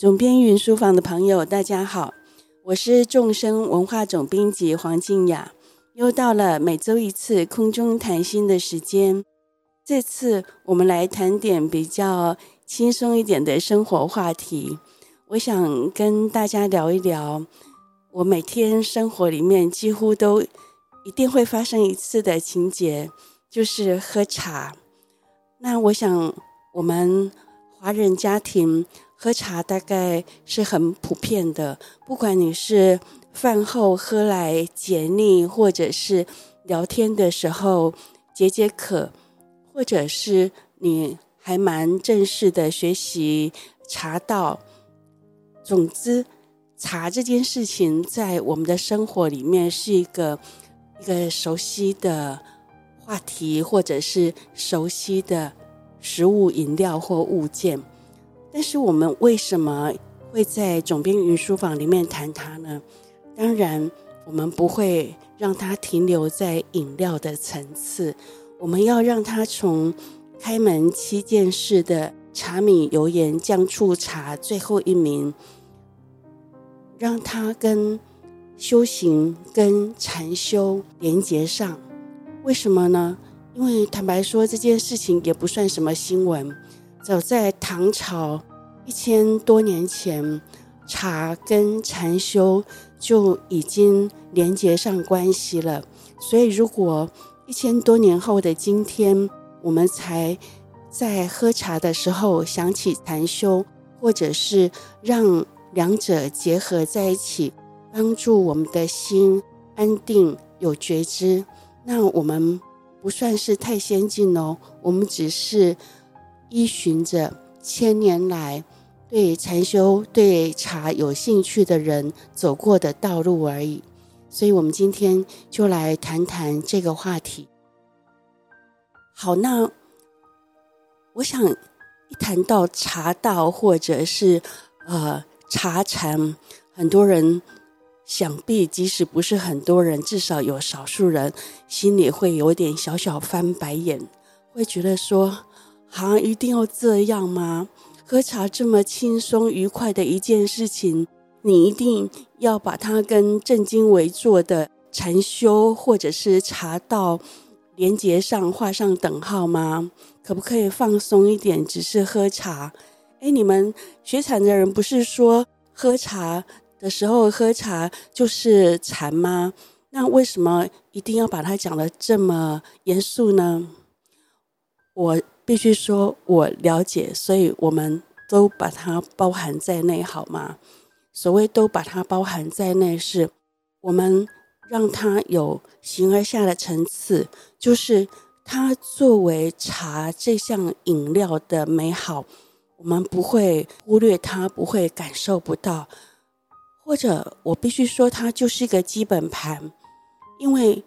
總編雲書房的朋友，大家好，我是眾生文化總編輯黃靖雅。又到了每周一次空中談心的時間，這次我們來談點比較輕鬆一點的生活話題。我想跟大家聊一聊，我每天生活裡面幾乎都一定會發生一次的情節，就是喝茶。那我想，我們華人家庭。喝茶大概是很普遍的，不管你是飯後喝來解膩，或者是聊天的時候解解渴，或者是你還蠻正式的學習茶道。總之，茶這件事情在我們的生活裡面是一個一個熟悉的話題，或者是熟悉的食物、飲料或物件。但是我們為什麼會在總編雲書房裡面談它呢？當然，我們不會讓它停留在飲料的層次，我們要讓他從開門七件事的柴米油鹽醬醋茶最後一名，讓它跟修行、跟禪修連結上。為什麼呢？因為坦白說，這件事情也不算什麼新聞。早在唐朝。一千多年前，茶跟禪修就已經連接上關係了。所以，如果一千多年後的今天，我們才在喝茶的時候想起禪修，或者是讓兩者結合在一起，幫助我們的心安定、有覺知，那我們不算是太先進哦，我們只是依循着千年來。對禪修、對茶有興趣的人走過的道路而已，所以我們今天就來談談這個話題。好，那我想一談到茶道或者是呃、茶禪，很多人想必即使不是很多人，至少有少數人心裡會有點小小翻白眼，會覺得說，好像一定要這樣嗎？喝茶這麼輕鬆愉快的一件事情，你一定要把它跟正襟危坐的禪修或者是茶道連接上畫上等號嗎？可不可以放鬆一點，只是喝茶？哎，你們學禪的人不是說喝茶的時候喝茶就是禪嗎？那為什麼一定要把它講得這麼嚴肅呢？我。必須說，我了解，所以我們都把它包含在內，好嗎？所謂都把它包含在內，是我們讓它有形而下的層次，就是它作為茶這項飲料的美好，我們不會忽略它，不會感受不到。或者我必須說，它就是一個基本盤，因為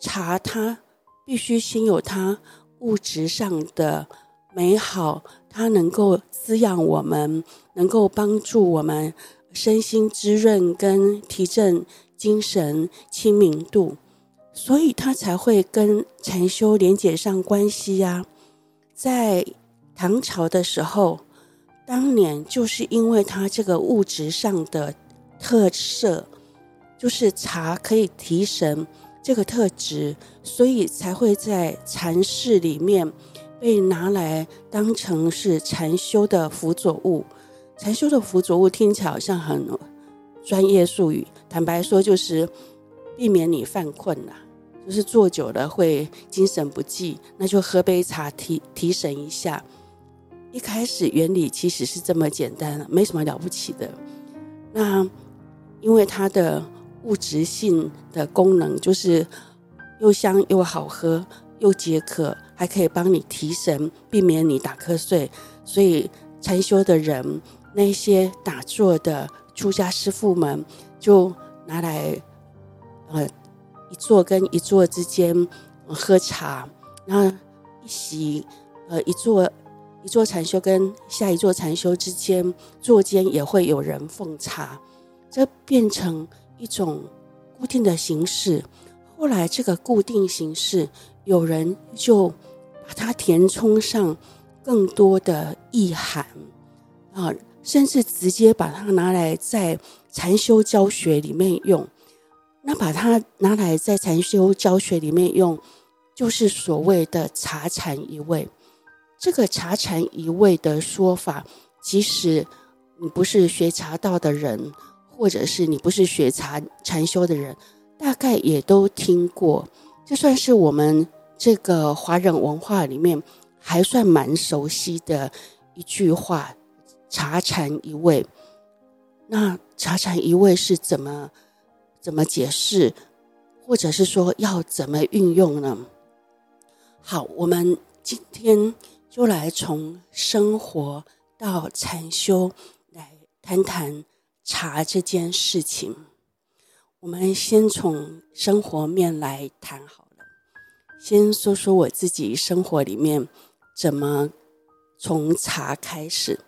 茶它必須先有它。物質上的美好，它能夠滋養我們，能夠幫助我們身心滋潤跟提振精神清明度，所以它才會跟禪修連結上關係呀、啊。在唐朝的時候，當年就是因為它這個物質上的特色，就是茶可以提神。這個特質，所以才會在禪室裡面被拿來當成是禪修的輔佐物。禪修的輔佐物聽起來好像很專業術語，坦白說就是避免你犯困吶，就是坐久了會精神不濟，那就喝杯茶提提神一下。一開始原理其實是這麼簡單，沒什麼了不起的。那因為它的。物質性的功能就是又香又好喝，又解渴，還可以幫你提神，避免你打瞌睡。所以禪修的人，那些打坐的出家師父們，就拿來呃一坐跟一坐之間、呃、喝茶，然後一席呃一座一座禪修跟下一座禪修之間坐間也會有人奉茶，這變成，一種固定的形式，後來這個固定形式，有人就把它填充上更多的意涵啊，甚至直接把它拿來在禪修教學裡面用。那把它拿來在禪修教學裡面用，就是所謂的茶禪一味。這個茶禪一味的說法，即使你不是學茶道的人。或者是你不是學禪禪修的人，大概也都聽過，就算是我們這個華人文化裡面還算蠻熟悉的一句話，“茶禪一味”。那茶禪一味是怎麼怎麼解釋，或者是說要怎麼運用呢？好，我們今天就來從生活到禪修來談談。茶這件事情，我們先從生活面來談好了。先說說我自己生活裡面怎麼從茶開始。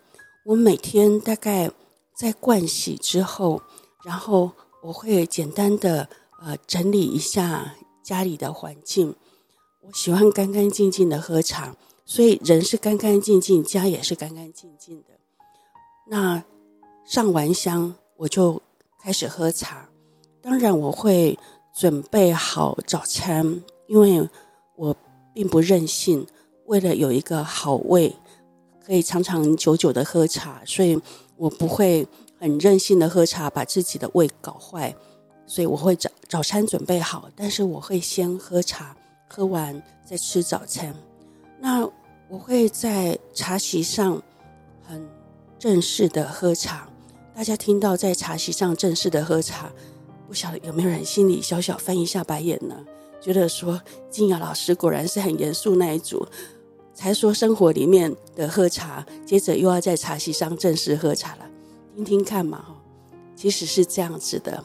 我每天大概在盥洗之後，然後我會簡單的呃整理一下家裡的環境。我喜歡乾乾淨淨的喝茶，所以人是乾乾淨淨，家也是乾乾淨淨的。那。上完香，我就開始喝茶。當然，我會準備好早餐，因為我並不任性。為了有一個好胃，可以長長久久的喝茶，所以我不會很任性的喝茶，把自己的胃搞壞。所以我會早早餐準備好，但是我會先喝茶，喝完再吃早餐。那我會在茶席上很正式的喝茶。大家聽到在茶席上正式的喝茶，不曉得有沒有人心裡小小翻一下白眼呢？覺得說靖雅老師果然是很嚴肅那一組，才說生活裡面的喝茶，接着又要在茶席上正式喝茶了，聽聽看嘛。其實是這樣子的。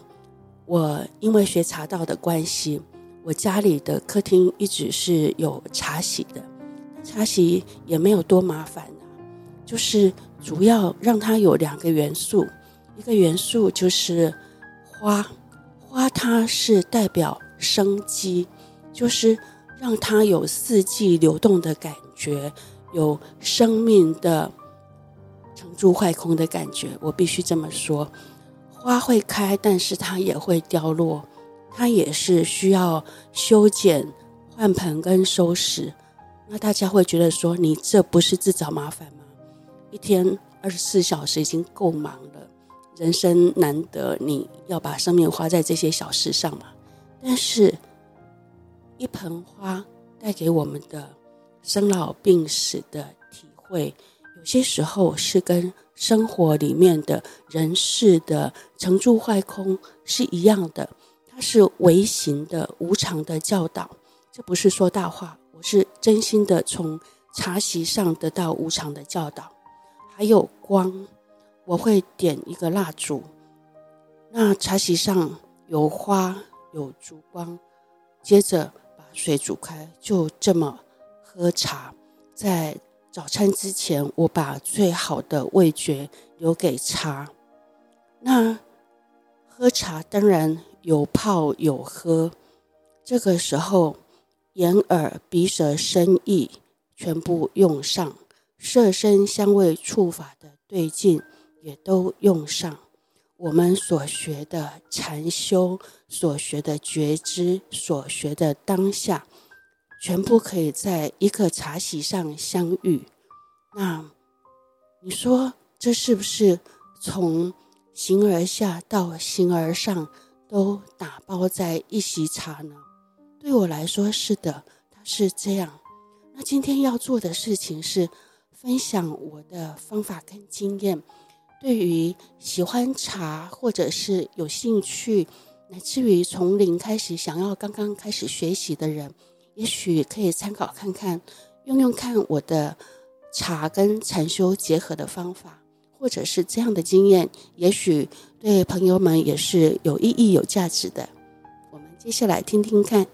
我因為學茶道的關係，我家裡的客廳一直是有茶席的，茶席也沒有多麻煩，就是主要讓它有兩個元素。一個元素，就是花，花它是代表生機，就是讓它有四季流動的感覺，有生命的成住壞空的感覺。我必須這麼說，花會開，但是它也會凋落，它也是需要修剪、換盆跟收拾。那大家會覺得說，你這不是自找麻煩嗎？一天二十四小時已經夠忙了。人生難得，你要把生命花在這些小事上嘛？但是，一盆花帶給我們的生老病死的體會，有些時候是跟生活裡面的人事的成住壞空是一樣的。它是微型的無常的教導，這不是說大話，我是真心的從茶席上得到無常的教導，還有光。我會點一個蠟燭，那茶席上有花有燭光，接着把水煮開，就這麼喝茶。在早餐之前，我把最好的味覺留給茶。那喝茶當然有泡有喝，這個時候眼耳鼻舌身意全部用上，色聲香味觸法的對境。也都用上我們所學的禪修，所學的覺知，所學的當下，全部可以在一個茶席上相遇。那你說這是不是從形而下到形而上都打包在一席茶呢？對我來說是的，它是這樣。那今天要做的事情是分享我的方法跟經驗。對於喜歡茶或者是有興趣，乃至於從零開始想要剛剛開始學習的人，也許可以參考看看，用用看我的茶跟禪修結合的方法，或者是這樣的經驗，也許對朋友們也是有意義、有價值的。我們接下來聽聽看。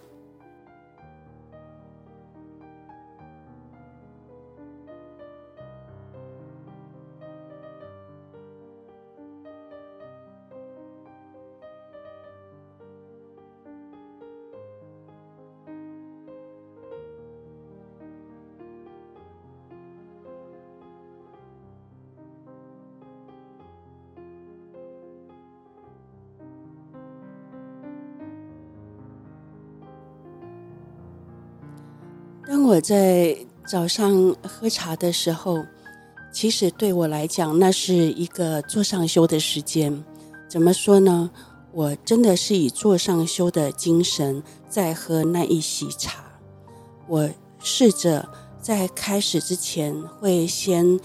我在早上喝茶的時候，其實對我來講，那是一個坐上修的時間。怎麼說呢？我真的是以坐上修的精神在喝那一席茶。我試着在開始之前，會先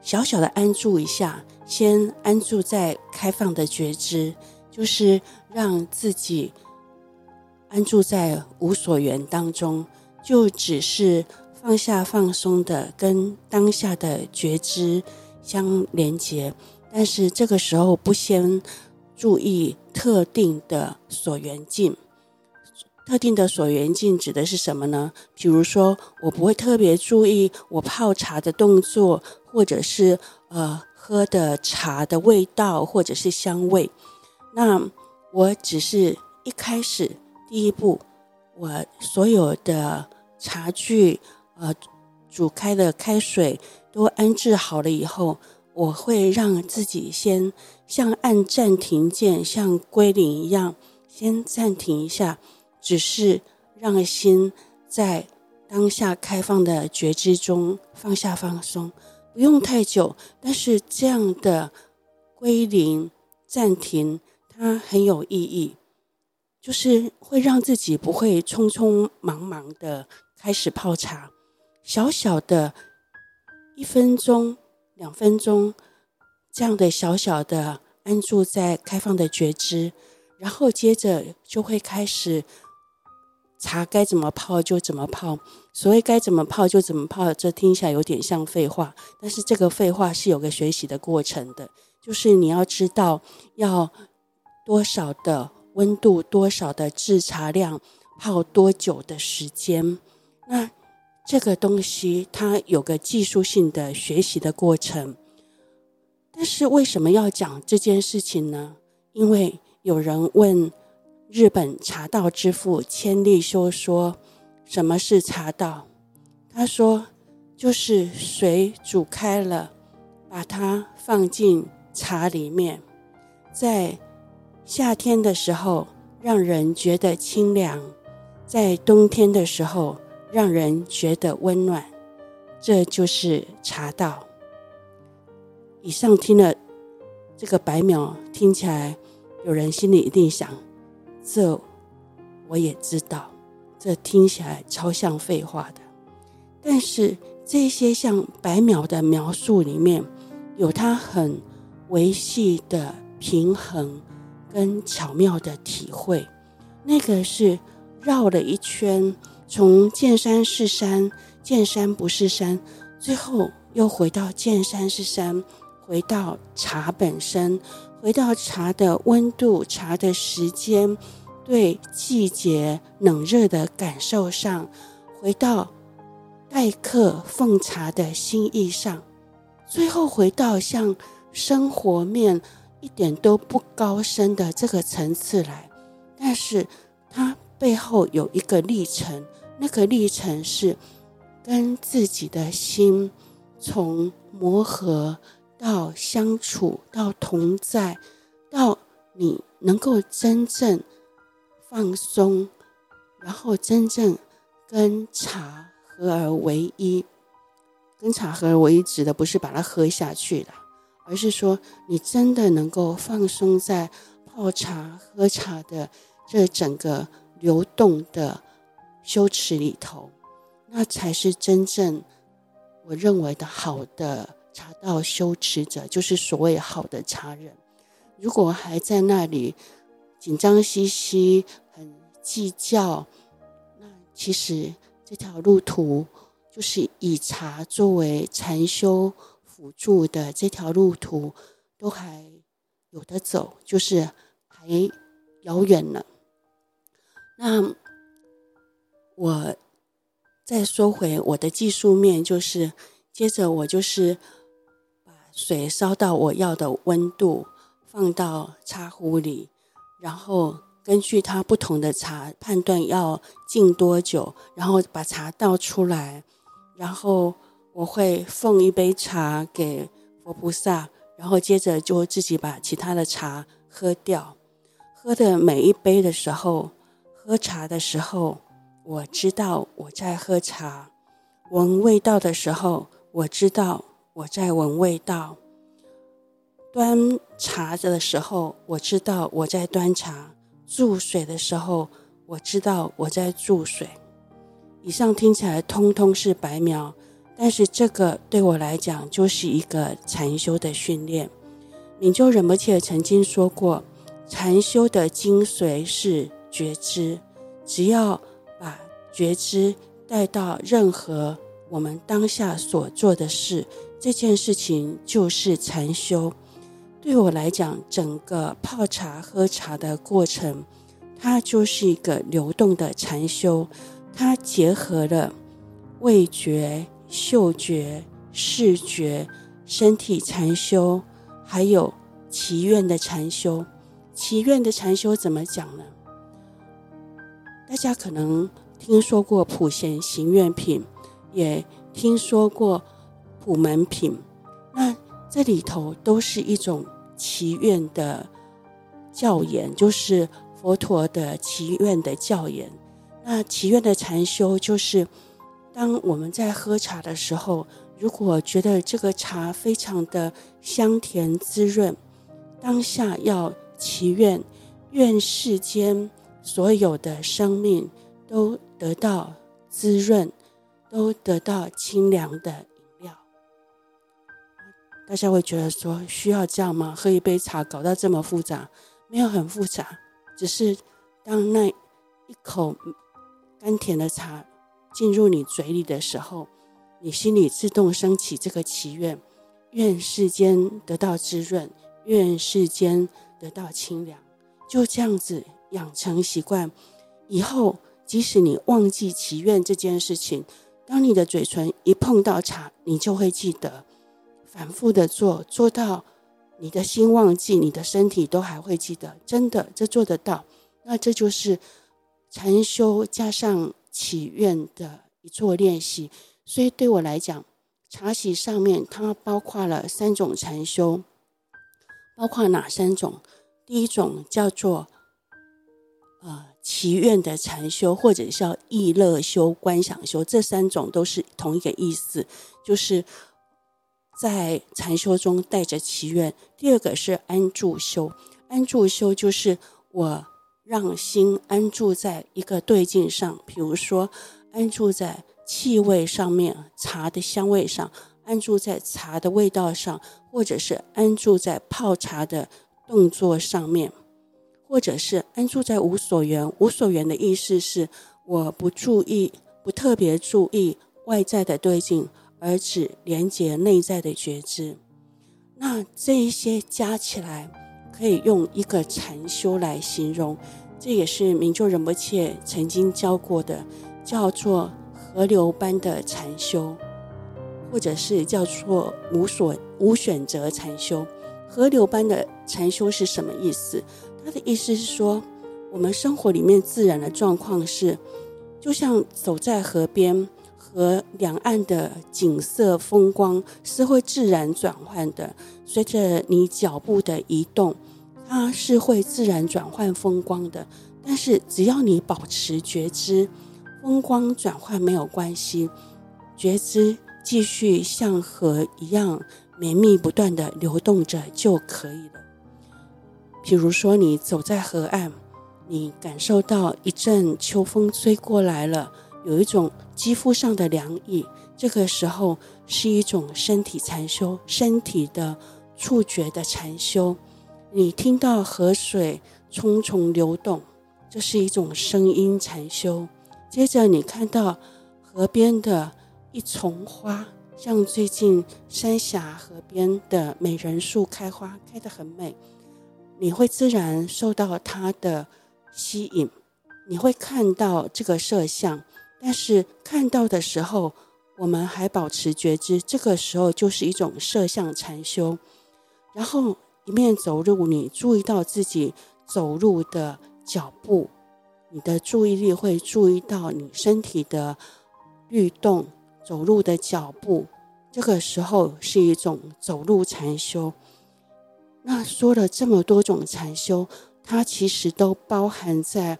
小小的安住一下，先安住在開放的覺知，就是讓自己安住在無所緣當中。就只是放下、放鬆的，跟當下的覺知相連接。但是這個時候不先注意特定的所緣境。特定的所緣境指的是什麼呢？比如說，我不會特別注意我泡茶的動作，或者是呃喝的茶的味道或者是香味。那我只是一開始第一步，我所有的。茶具，呃，煮開的開水都安置好了以後，我會讓自己先像按暫停鍵，像歸零一樣，先暫停一下，只是讓心在當下開放的覺知中放下放鬆，不用太久。但是這樣的歸零暫停，它很有意義，就是會讓自己不會匆匆忙忙的。開始泡茶，小小的，一分鐘、兩分鐘這樣的小小的安住在開放的覺知，然後接着就會開始茶該怎麼泡就怎麼泡。所謂該怎麼泡就怎麼泡，這聽起來有點像廢話，但是這個廢話是有個學習的過程的，就是你要知道要多少的溫度、多少的置茶量、泡多久的時間。那這個東西它有個技術性的學習的過程，但是為什麼要講這件事情呢？因為有人問日本茶道之父千利休說：“什麼是茶道？”他說：“就是水煮開了，把它放進茶裡面，在夏天的時候讓人覺得清涼，在冬天的時候。”讓人覺得溫暖，這就是茶道。以上聽了這個白描，聽起來有人心裡一定想：這我也知道，這聽起來超像廢話的。但是這些像白描的描述裡面，有它很微細的平衡跟巧妙的體會，那個是繞了一圈，從見山是山，見山不是山，最後又回到見山是山，回到茶本身，回到茶的溫度、茶的時間，對季節冷熱的感受上，回到待客奉茶的心意上，最後回到像生活面一點都不高深的這個層次來，但是它背後有一個歷程。那個歷程是，跟自己的心從磨合到相處，到同在，到你能夠真正放鬆，然後真正跟茶合而為一。跟茶合而為一，指的不是把它喝下去的，而是說你真的能夠放鬆在泡茶、喝茶的這整個流動的。修持裡頭，那才是真正我認為的好的茶道修持者，就是所謂好的茶人。如果還在那裡緊張兮兮、很計較，那其實這條路途就是以茶作為禪修輔助的這條路途，都還有得走，就是還遙遠呢。那。我再說回我的技術面，就是接着我就是把水燒到我要的溫度，放到茶壺裡，然後根據它不同的茶判斷要浸多久，然後把茶倒出來，然後我會奉一杯茶給佛菩薩，然後接着就自己把其他的茶喝掉。喝的每一杯的時候，喝茶的時候。我知道我在喝茶，聞味道的時候，我知道我在聞味道；端茶的時候，我知道我在端茶；注水的時候，我知道我在注水。以上聽起來通通是白描，但是這個對我來講就是一個禪修的訓練。明就仁波切曾經說過，禪修的精髓是覺知，只要，覺知帶到任何我們當下所做的事，這件事情就是禪修。對我來講，整個泡茶喝茶的過程，它就是一個流動的禪修。它結合了味覺、嗅覺、視覺、身體禪修，還有祈願的禪修。祈願的禪修怎麼講呢？大家可能。聽說過普賢行願品，也聽說過普門品，那這裡頭都是一種祈願的教言，就是佛陀的祈願的教言，那祈願的禪修，就是當我們在喝茶的時候，如果覺得這個茶非常的香甜滋潤，當下要祈願，願世間所有的生命都。得到滋潤，都得到清涼的飲料。大家會覺得說，需要這樣嗎？喝一杯茶，搞到這麼複雜，沒有很複雜，只是當那一口甘甜的茶進入你嘴裡的時候，你心裡自動升起這個祈願：願世間得到滋潤，願世間得到清涼。就這樣子養成習慣，以後。即使你忘記祈願這件事情，當你的嘴唇一碰到茶，你就會記得。反覆的做，做到你的心忘記，你的身體都還會記得。真的，這做得到。那這就是禪修加上祈願的一座練習。所以對我來講，茶席上面它包括了三種禪修，包括哪三種？第一種叫做呃、祈願的禪修，或者叫意樂修、觀想修，這三種都是同一個意思，就是在禪修中帶着祈願。第二個是安住修，安住修就是我讓心安住在一個對境上，比如說安住在氣味上面，茶的香味上；安住在茶的味道上，或者是安住在泡茶的動作上面，或者是安住在無所緣，無所緣的意思是，我不注意，不特別注意外在的對境，而只連接內在的覺知。那這一些加起來，可以用一個禪修來形容。這也是明就仁波切曾經教過的，叫做河流般的禪修，或者是叫做無所無選擇禪修。河流般的禪修是什麼意思？他的意思是說，我們生活裡面自然的狀況是，就像走在河邊，河兩岸的景色風光是會自然轉換的。隨着你腳步的移動，它是會自然轉換風光的。但是只要你保持覺知，風光轉換沒有關係，覺知繼續像河一樣綿密不斷的流動着就可以了。比如說，你走在河岸，你感受到一陣秋風吹過來了，有一種肌膚上的涼意。這個時候是一種身體禪修，身體的觸覺的禪修。你聽到河水匆匆流動，這、就是一種聲音禪修。接着你看到河邊的一叢花，像最近三峽河邊的美人樹開花，開得很美。你會自然受到它的吸引，你會看到這個色相，但是看到的時候，我們還保持覺知，這個時候就是一種色相禪修。然後一面走路，你注意到自己走路的腳步，你的注意力會注意到你身體的律動、走路的腳步，這個時候是一種走路禪修。那說了這麼多種禪修，它其實都包含在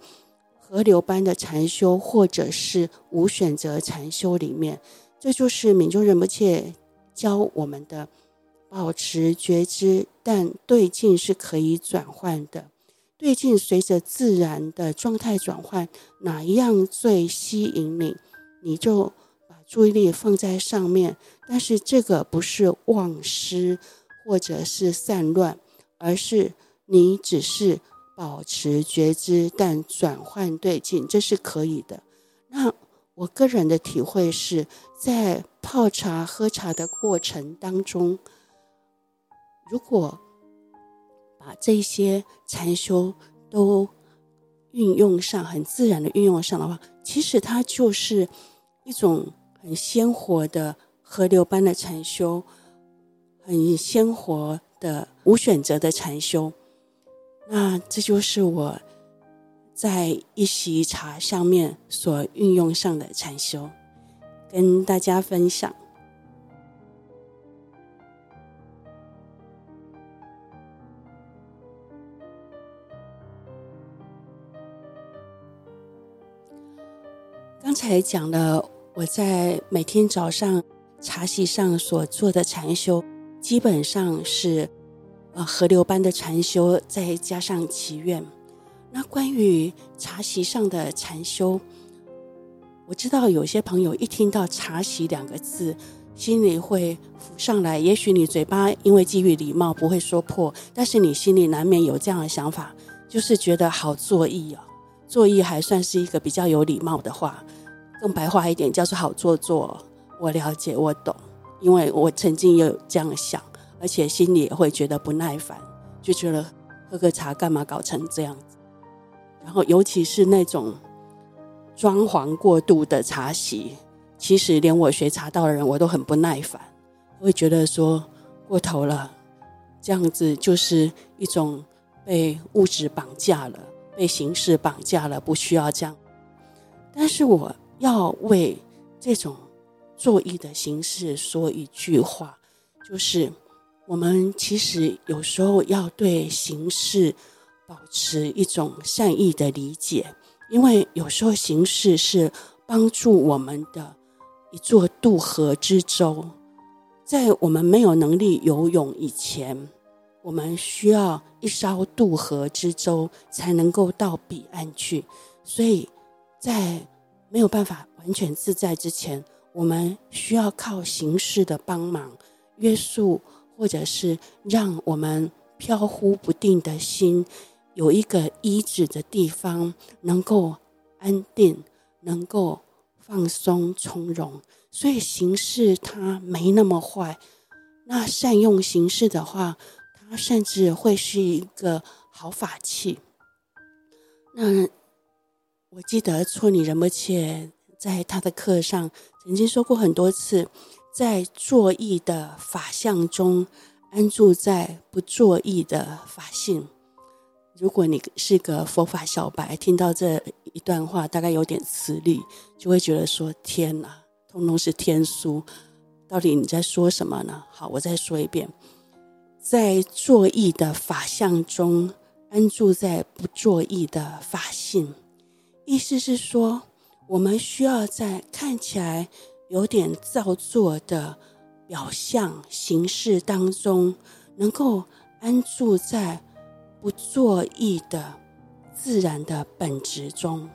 河流般的禪修或者是無選擇禪修裡面。這就是敏中仁波切教我們的，保持覺知，但對境是可以轉換的。對境隨着自然的狀態轉換，哪一樣最吸引你，你就把注意力放在上面。但是這個不是忘失。或者是散亂，而是你只是保持覺知，但轉換對境，這是可以的。那我個人的體會是在泡茶、喝茶的過程當中，如果把這些禪修都運用上，很自然的運用上的話，其實它就是一種很鮮活的河流般的禪修。很鮮活的無選擇的禪修，那這就是我在一席茶上面所運用上的禪修，跟大家分享。剛才講了我在每天早上茶席上所做的禪修。基本上是，呃，河流般的禪修，再加上祈願。那關於茶席上的禪修，我知道有些朋友一聽到“茶席”兩個字，心裡會浮上來。也許你嘴巴因為基於禮貌不會說破，但是你心裡難免有這樣的想法，就是覺得好作意哦，作意還算是一個比較有禮貌的話，更白話一點叫做好做作。我了解，我懂。因為我曾經也有這樣想，而且心裡也會覺得不耐煩，就覺得喝個茶幹嘛搞成這樣子？然後尤其是那種裝潢過度的茶席，其實連我學茶道的人我都很不耐煩，會覺得說過頭了，這樣子就是一種被物質綁架了，被形式綁架了，不需要這樣。但是我要為這種。作意的形式說一句話，就是我們其實有時候要對形式保持一種善意的理解，因為有時候形式是幫助我們的一座渡河之舟，在我們沒有能力游泳以前，我們需要一艘渡河之舟才能夠到彼岸去。所以在沒有辦法完全自在之前。我們需要靠形式的幫忙約束，或者是讓我們飄忽不定的心有一個依止的地方，能夠安定，能夠放鬆從容。所以形式它沒那麼壞。那善用形式的話，它甚至會是一個好法器。那我記得錯你人們欠，在他的課上，曾經說過很多次，在作意的法相中安住在不作意的法性。如果你是個佛法小白，聽到這一段話，大概有點詞力，就會覺得說：“天啊，通通是天書，到底你在說什麼呢？”好，我再說一遍，在作意的法相中安住在不作意的法性，意思是說，我們需要在看起來有點造作的表象形式當中，能夠安住在不作意的自然的本質中。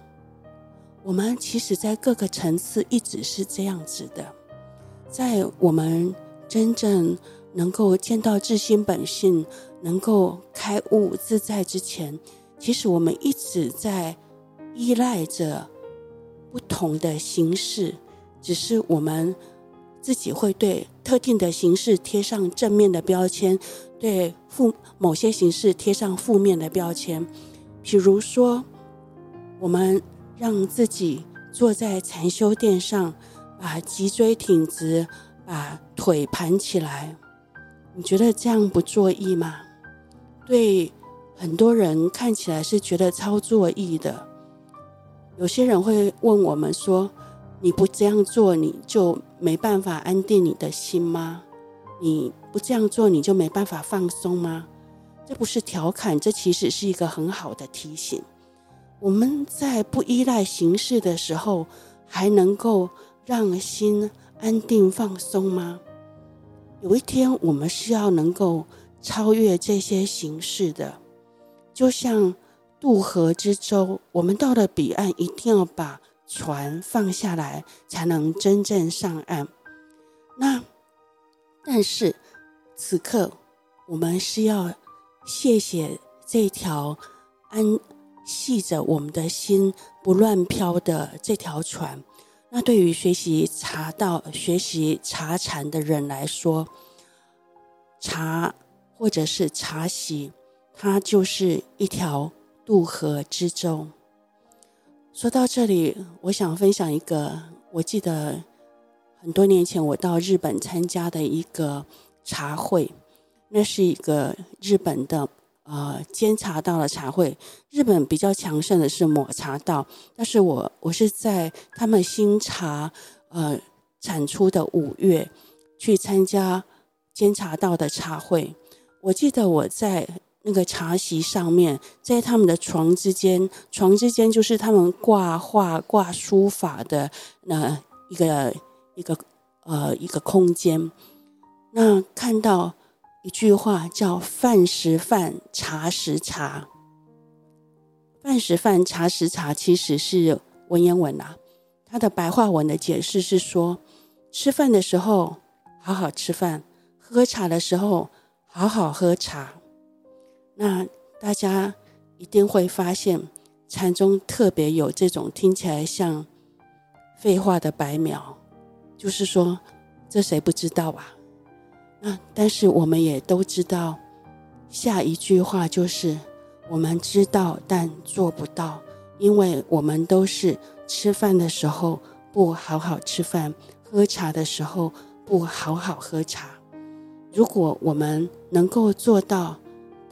我們其實，在各個層次一直是這樣子的。在我們真正能夠見到自心本性，能夠開悟自在之前，其實我們一直在依賴着。不同的形式，只是我們自己會對特定的形式貼上正面的標籤，對負某些形式貼上負面的標籤。比如說，我們讓自己坐在禪修墊上，把脊椎挺直，把腿盤起來。你覺得這樣不作意嗎？對很多人看起來是覺得超作意的。有些人會問我們說：“你不這樣做，你就沒辦法安定你的心嗎？你不這樣做，你就沒辦法放鬆嗎？”這不是調侃，這其實是一個很好的提醒。我們在不依賴形式的時候，還能夠讓心安定放鬆嗎？有一天，我們是要能夠超越這些形式的，就像，渡河之舟。我們到了彼岸，一定要把船放下來，才能真正上岸。那，但是此刻，我們是要謝謝這條安繫着我們的心不亂飄的這條船。那對於學習茶道、學習茶禪的人來說，茶或者是茶席，它就是一條。渡河之舟。說到這裡，我想分享一個，我記得很多年前我到日本參加的一個茶會，那是一個日本的呃煎茶道的茶會。日本比較強盛的是抹茶道，但是我我是在他們新茶呃產出的五月去參加煎茶道的茶會。我記得我在。那個茶席上面，在他們的床之間，床之間就是他們掛畫、掛書法的那、呃、一個一個呃一個空間。那看到一句話叫飯時飯，茶時茶“飯時飯，茶時茶”。飯時飯，茶時茶，其實是文言文啊。他的白話文的解釋是說：吃飯的時候好好吃飯，喝茶的時候好好喝茶。那大家一定會發現，禪宗特別有這種聽起來像廢話的白描，就是說，這誰不知道啊，那但是我們也都知道，下一句話就是，我們知道但做不到，因為我們都是吃飯的時候不好好吃飯，喝茶的時候不好好喝茶。如果我們能夠做到，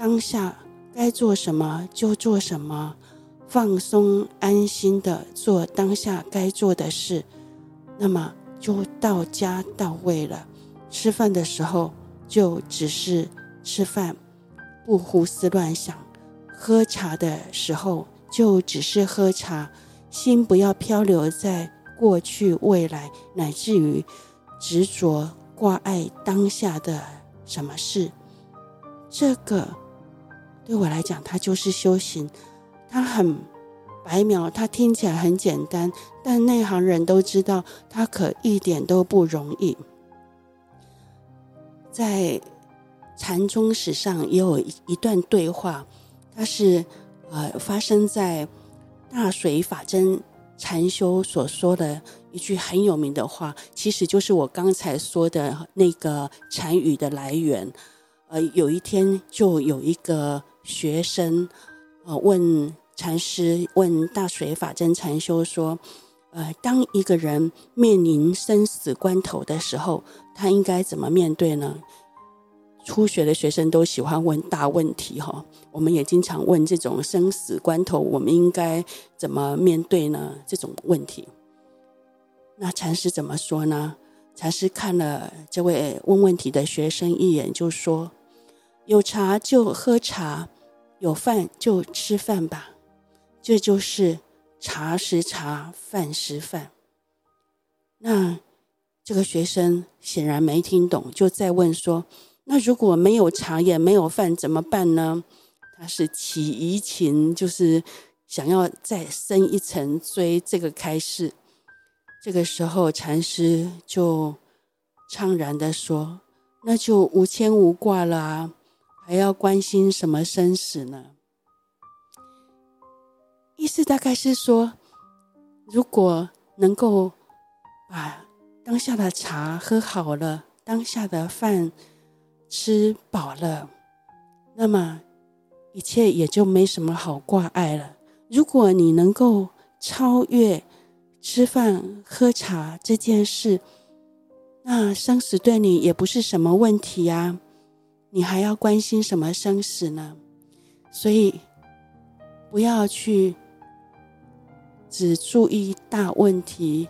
當下該做什麼就做什麼，放鬆安心的做當下該做的事，那麼就到家到位了。吃飯的時候就只是吃飯，不胡思亂想；喝茶的時候就只是喝茶，心不要漂流在過去、未來，乃至於執着掛礙當下的什麼事。這個。對我來講，它就是修行。它很白描，它聽起來很簡單，但內行人都知道，它可一點都不容易。在禪宗史上也有一一段對話，它是呃發生在大隨法真禪師所說的一句很有名的話，其實就是我剛才說的那個禪語的來源。呃，有一天就有一個。學生，呃，問禪師，問大水法真禪修說，呃，當一個人面臨生死關頭的時候，他應該怎麼面對呢？初學的學生都喜歡問大問題，哈，我們也經常問這種生死關頭，我們應該怎麼面對呢？這種問題，那禪師怎麼說呢？禪師看了這位問問題的學生一眼，就說。有茶就喝茶，有飯就吃飯吧，這就是茶時茶，飯時飯。那這個學生顯然沒聽懂，就再問說：“那如果沒有茶也沒有飯怎麼辦呢？”他是起疑情，就是想要再深一層追這個開示。這個時候，禪師就悵然地說：“那就無牽無掛了啊。”還要關心什麼生死呢？意思大概是說，如果能夠把當下的茶喝好了，當下的飯吃飽了，那麼一切也就沒什麼好掛礙了。如果你能夠超越吃飯喝茶這件事，那生死對你也不是什麼問題呀、啊。你還要關心什麼生死呢？所以，不要去只注意大問題，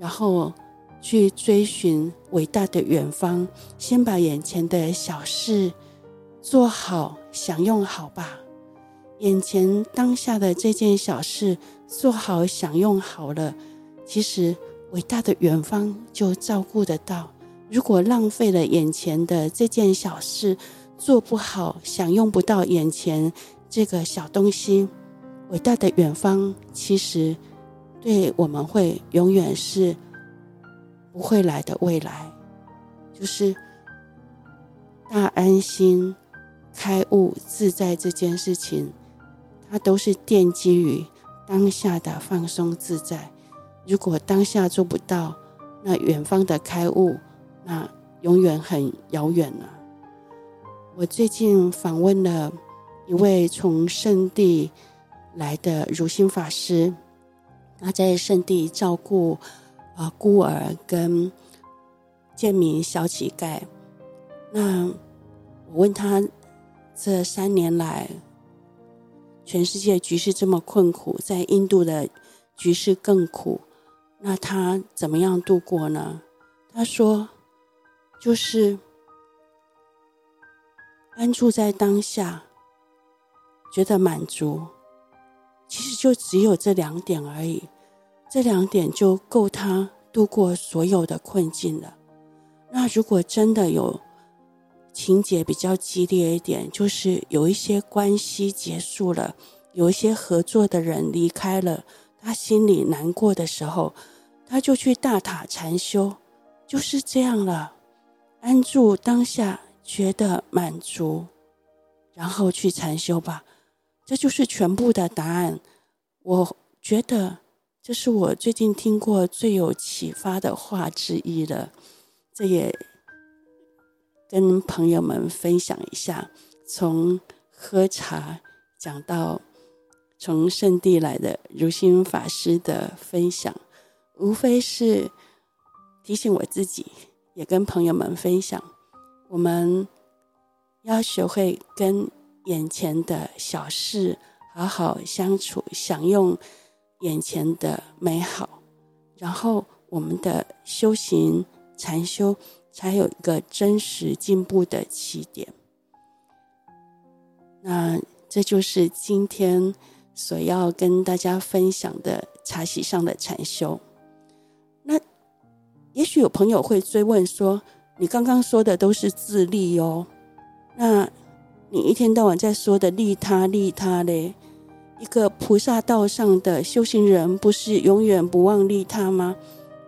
然後去追尋偉大的遠方。先把眼前的小事做好、享用好吧。眼前當下的這件小事做好、享用好了，其實偉大的遠方就照顧得到。如果浪費了眼前的這件小事，做不好，享用不到眼前這個小東西，偉大的遠方其實對我們會永遠是不會來的未來。就是大安心、開悟、自在這件事情，它都是奠基於當下的放鬆自在。如果當下做不到，那遠方的開悟。那永遠很遙遠了、啊。我最近訪問了一位從聖地來的如心法師，他在聖地照顧啊孤兒跟賤民小乞丐。那我問他，這三年來全世界局勢這麼困苦，在印度的局勢更苦，那他怎麼樣度過呢？他說。就是安住在當下，覺得滿足，其實就只有這兩點而已。這兩點就夠他度過所有的困境了。那如果真的有情節比較激烈一點，就是有一些關係結束了，有一些合作的人離開了，他心裡難過的時候，他就去大塔禪修，就是這樣了。安住當下，覺得滿足，然後去禪修吧。這就是全部的答案。我覺得這是我最近聽過最有啟發的話之一了。這也跟朋友們分享一下，從喝茶講到從聖地來的如心法師的分享，無非是提醒我自己。也跟朋友們分享，我們要學會跟眼前的小事好好相處，享用眼前的美好，然後我們的修行禪修才有一個真實進步的起點。那這就是今天所要跟大家分享的茶席上的禪修。也許有朋友會追問說：“你剛剛說的都是自利哦，那你一天到晚在說的利他利他嘞？一個菩薩道上的修行人，不是永遠不忘利他嗎？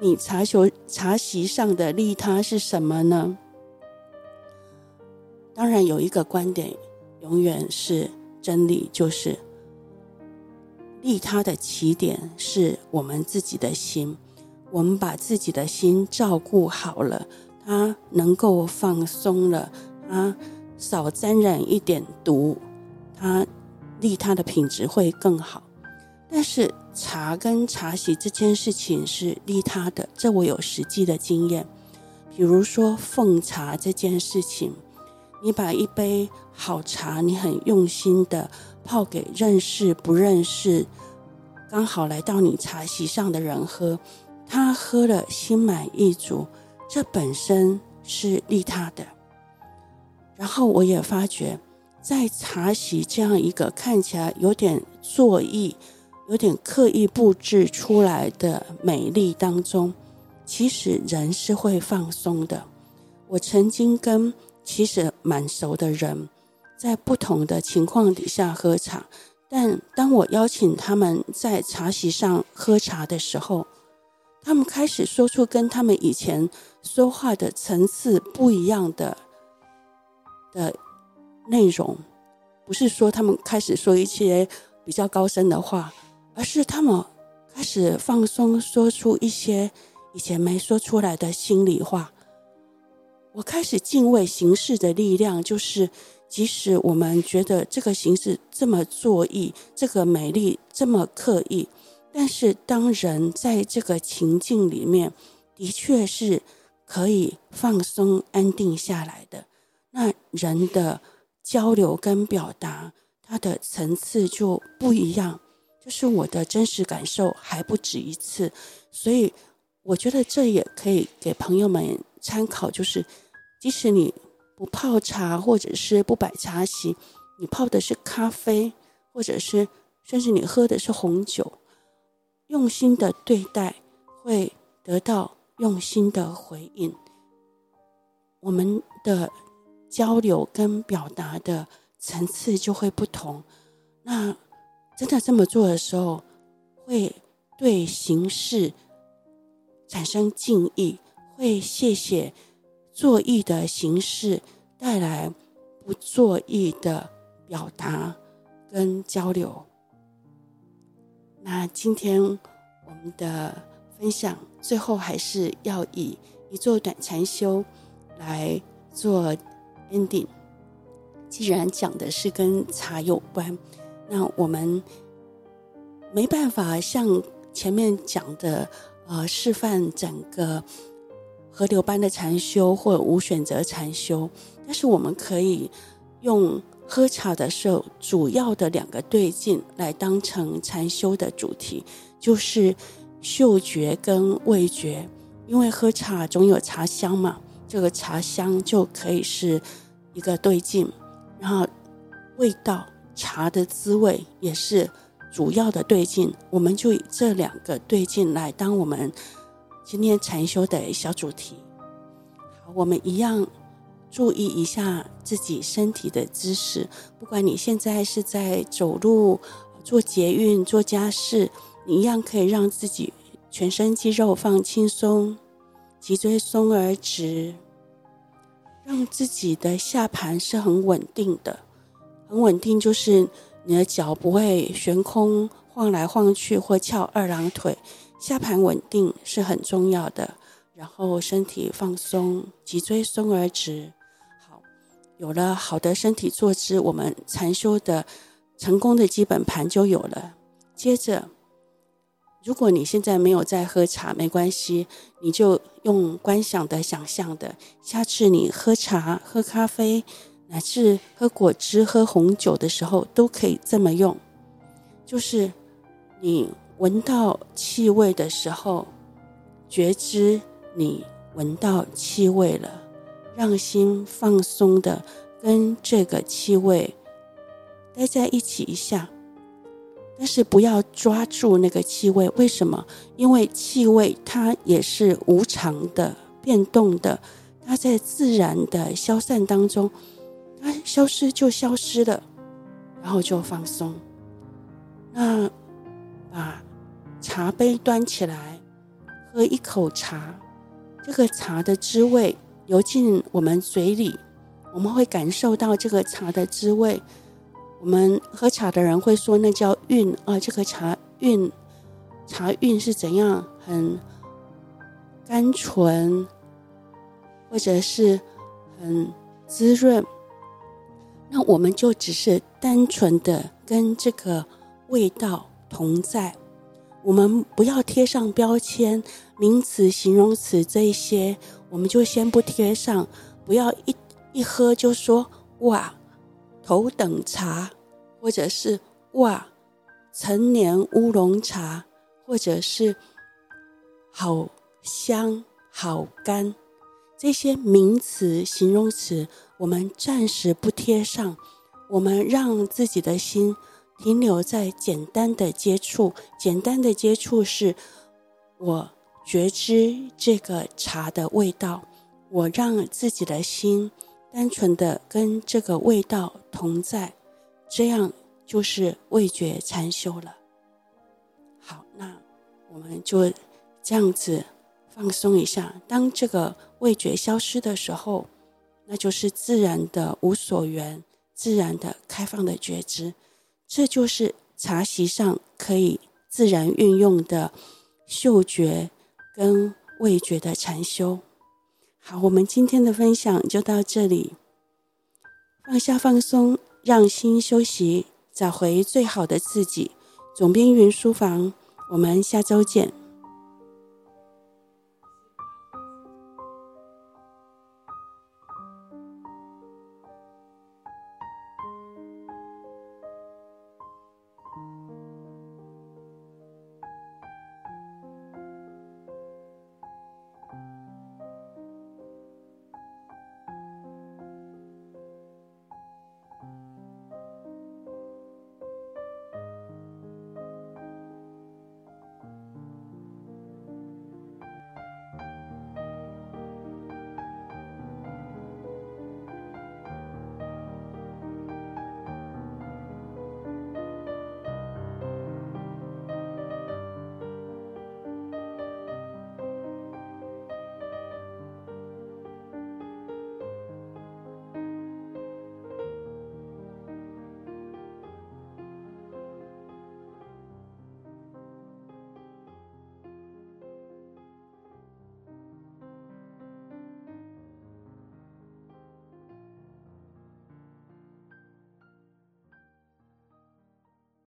你茶修茶席上的利他是什麼呢？”當然，有一個觀點永遠是真理，就是利他的起點是我們自己的心。我們把自己的心照顧好了，他能夠放鬆了，他少沾染一點毒，他利他的品質會更好。但是茶跟茶席這件事情是利他的，這我有實際的經驗。比如說奉茶這件事情，你把一杯好茶，你很用心的泡給認識不認識、剛好來到你茶席上的人喝。他喝了，心滿意足，這本身是利他的。然後我也發覺，在茶席這樣一個看起來有點作意、有點刻意布置出來的美麗當中，其實人是會放鬆的。我曾經跟其實蠻熟的人，在不同的情況底下喝茶，但當我邀請他們在茶席上喝茶的時候，他們開始說出跟他們以前說話的層次不一樣的的內容，不是說他們開始說一些比較高深的話，而是他們開始放鬆，說出一些以前沒說出來的心裡話。我開始敬畏形式的力量，就是即使我們覺得這個形式這麼作意，這個美麗這麼刻意。但是，當人在這個情境裡面，的確是可以放鬆、安定下來的。那人的交流跟表達，它的層次就不一樣。就是我的真實感受還不止一次，所以我覺得這也可以給朋友們參考。就是即使你不泡茶，或者是不擺茶席，你泡的是咖啡，或者是甚至你喝的是紅酒。用心的對待，會得到用心的回應。我們的交流跟表達的層次就會不同。那真的這麼做的時候，會對形式產生敬意，會謝謝作意的形式帶來不作意的表達跟交流。那今天我們的分享最後還是要以一座短禪修來做 ending。既然講的是跟茶有關，那我們沒辦法像前面講的呃示範整個河流般的禪修或者無選擇禪修，但是我們可以用。喝茶的時候，主要的兩個對境來當成禪修的主題，就是嗅覺跟味覺。因為喝茶總有茶香嘛，這個茶香就可以是一個對境，然後味道，茶的滋味也是主要的對境，我們就以這兩個對境來當我們今天禪修的小主題。好，我們一樣。注意一下自己身體的姿勢，不管你現在是在走路、坐捷運、做家事，你一樣可以讓自己全身肌肉放輕鬆，脊椎鬆而直，讓自己的下盤是很穩定的。很穩定就是你的腳不會懸空晃來晃去或翹二郎腿，下盤穩定是很重要的。然後身體放鬆，脊椎鬆而直。有了好的身體坐姿，我們禪修的成功的基本盤就有了。接着，如果你現在沒有在喝茶，沒關係，你就用觀想的、想象的。下次你喝茶、喝咖啡，乃至喝果汁、喝紅酒的時候，都可以這麼用。就是你聞到氣味的時候，覺知你聞到氣味了。讓心放鬆的，跟這個氣味待在一起一下，但是不要抓住那個氣味。為什麼？因為氣味它也是無常的、變動的，它在自然的消散當中，它消失就消失了，然後就放鬆。那把茶杯端起來，喝一口茶，這個茶的滋味，流進我們嘴裡，我們會感受到這個茶的滋味。我們喝茶的人會說，那叫韻啊，這個茶韻，茶韻是怎樣？很甘醇，或者是很滋潤。那我們就只是單純的跟這個味道同在，我們不要貼上標籤、名詞、形容詞，這一些。我們就先不貼上，不要一一喝就說哇，頭等茶，或者是哇，陳年烏龍茶，或者是好香、好甘這些名詞、形容詞，我們暫時不貼上。我們讓自己的心停留在簡單的接觸，簡單的接觸是，我。覺知這個茶的味道，我讓自己的心單純的跟這個味道同在，這樣就是味覺禪修了。好，那我們就這樣子放鬆一下。當這個味覺消失的時候，那就是自然的無所緣，自然的開放的覺知。這就是茶席上可以自然運用的嗅覺。跟味覺的禪修，好，我們今天的分享就到這裡。放下、放鬆，讓心休息，找回最好的自己。總編雲書房，我們下周見。